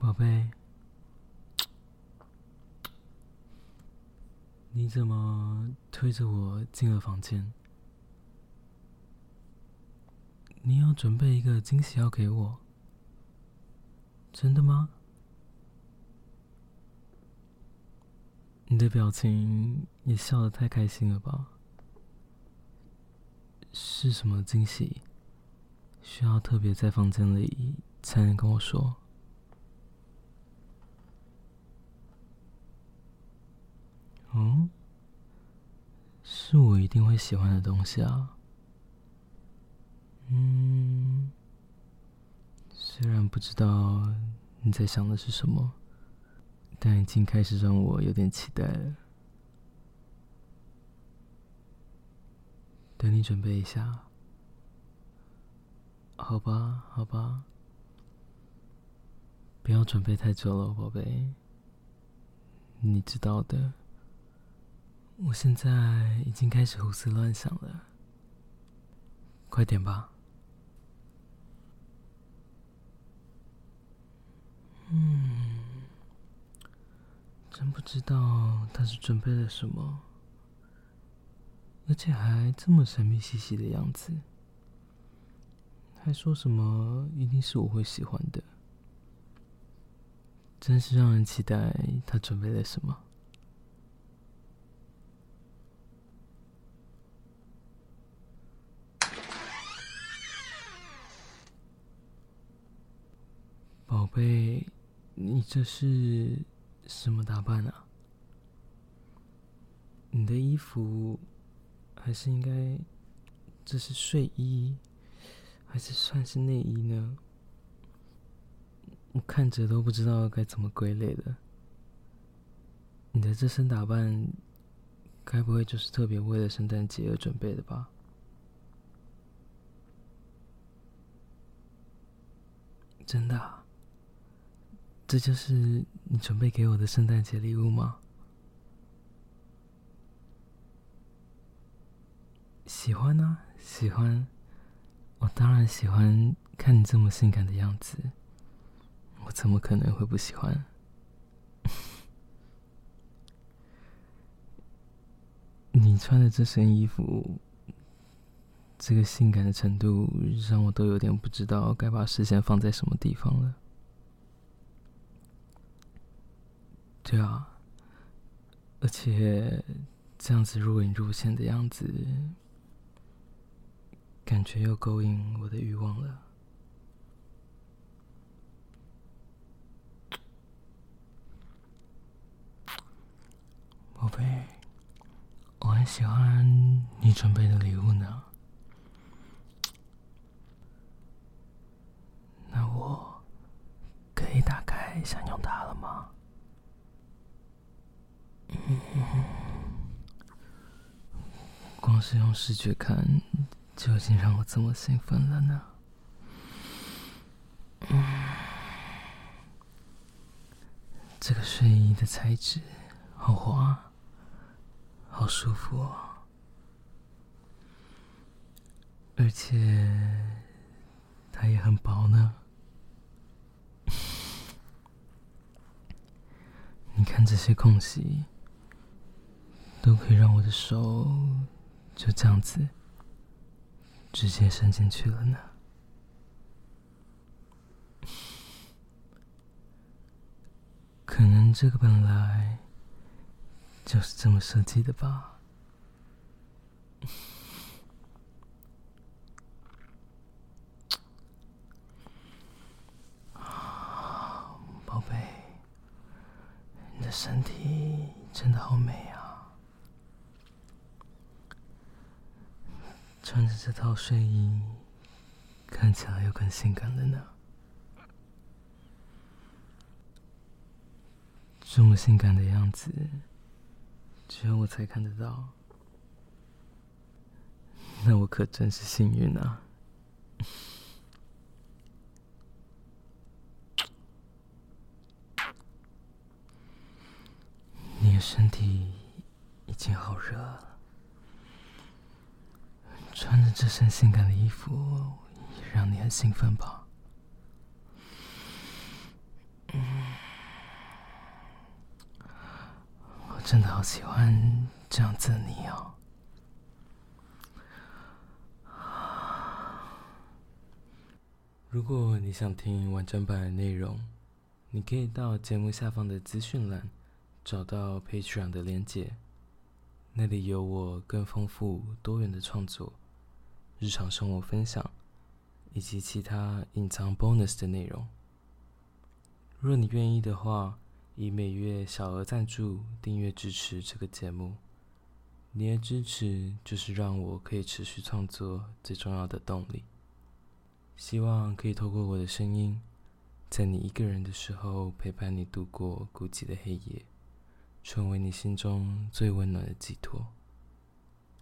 寶貝，你怎麼推着我進了房間？你要準備一個驚喜要給我？真的嗎？你的表情也笑得太開心了吧？是什麼驚喜？需要特別在房間裡才能跟我說？是我一定會喜歡的東西啊。嗯，雖然不知道你在想的是什麼，但已經開始讓我有點期待了。等你準備一下，好吧，好吧，不要準備太久了，寶貝，你知道的。我現在已經開始胡思亂想了，快點吧。嗯，真不知道他是準備了什麼，而且還這麼神秘兮兮的樣子，還說什麼一定是我會喜歡的，真是讓人期待他準備了什麼。喂，你這是什麼打扮啊？你的衣服還是應該這是睡衣，還是算是內衣呢？我看着都不知道該怎麼歸類了。你的這身打扮，該不會就是特別為了聖誕節而準備的吧？真的啊？這就是你準備給我的聖誕節禮物嗎？喜歡啊，喜歡。我當然喜歡看你這麼性感的樣子，我怎麼可能會不喜歡？ 你穿的這身衣服，這個性感的程度，讓我都有點不知道該把視線放在什麼地方了。對啊，而且這樣子若隱若現的樣子，感覺又勾引我的慾望了，寶貝，我很喜歡你準備的禮物呢。是用視覺看，就已經讓我這麼興奮了呢？嗯，這個睡衣的材質好滑，好舒服哦，而且它也很薄呢。你看這些空隙，都可以讓我的手。就這樣子，直接伸進去了呢。可能這個本來就是這麼設計的吧。寶貝，你的身體真的好美啊。穿着這套睡衣，看起來又更性感了呢。這麼性感的樣子，只有我才看得到，那我可真是幸運啊！你的身體已經好熱。穿着這身性感的衣服，也讓你很興奮吧？嗯，我真的好喜歡這樣子的你哦。如果你想聽完整版的內容，你可以到節目下方的資訊欄找到 Patreon 的鏈接，那裡有我更豐富多元的創作。日常生活分享以及其他隱藏 bonus 的內容。若你願意的話，以每月小額贊助訂閱支持這個節目，你的支持就是讓我可以持續創作最重要的動力。希望可以透過我的聲音，在你一個人的時候陪伴你度過孤寂的黑夜，成為你心中最溫暖的寄托。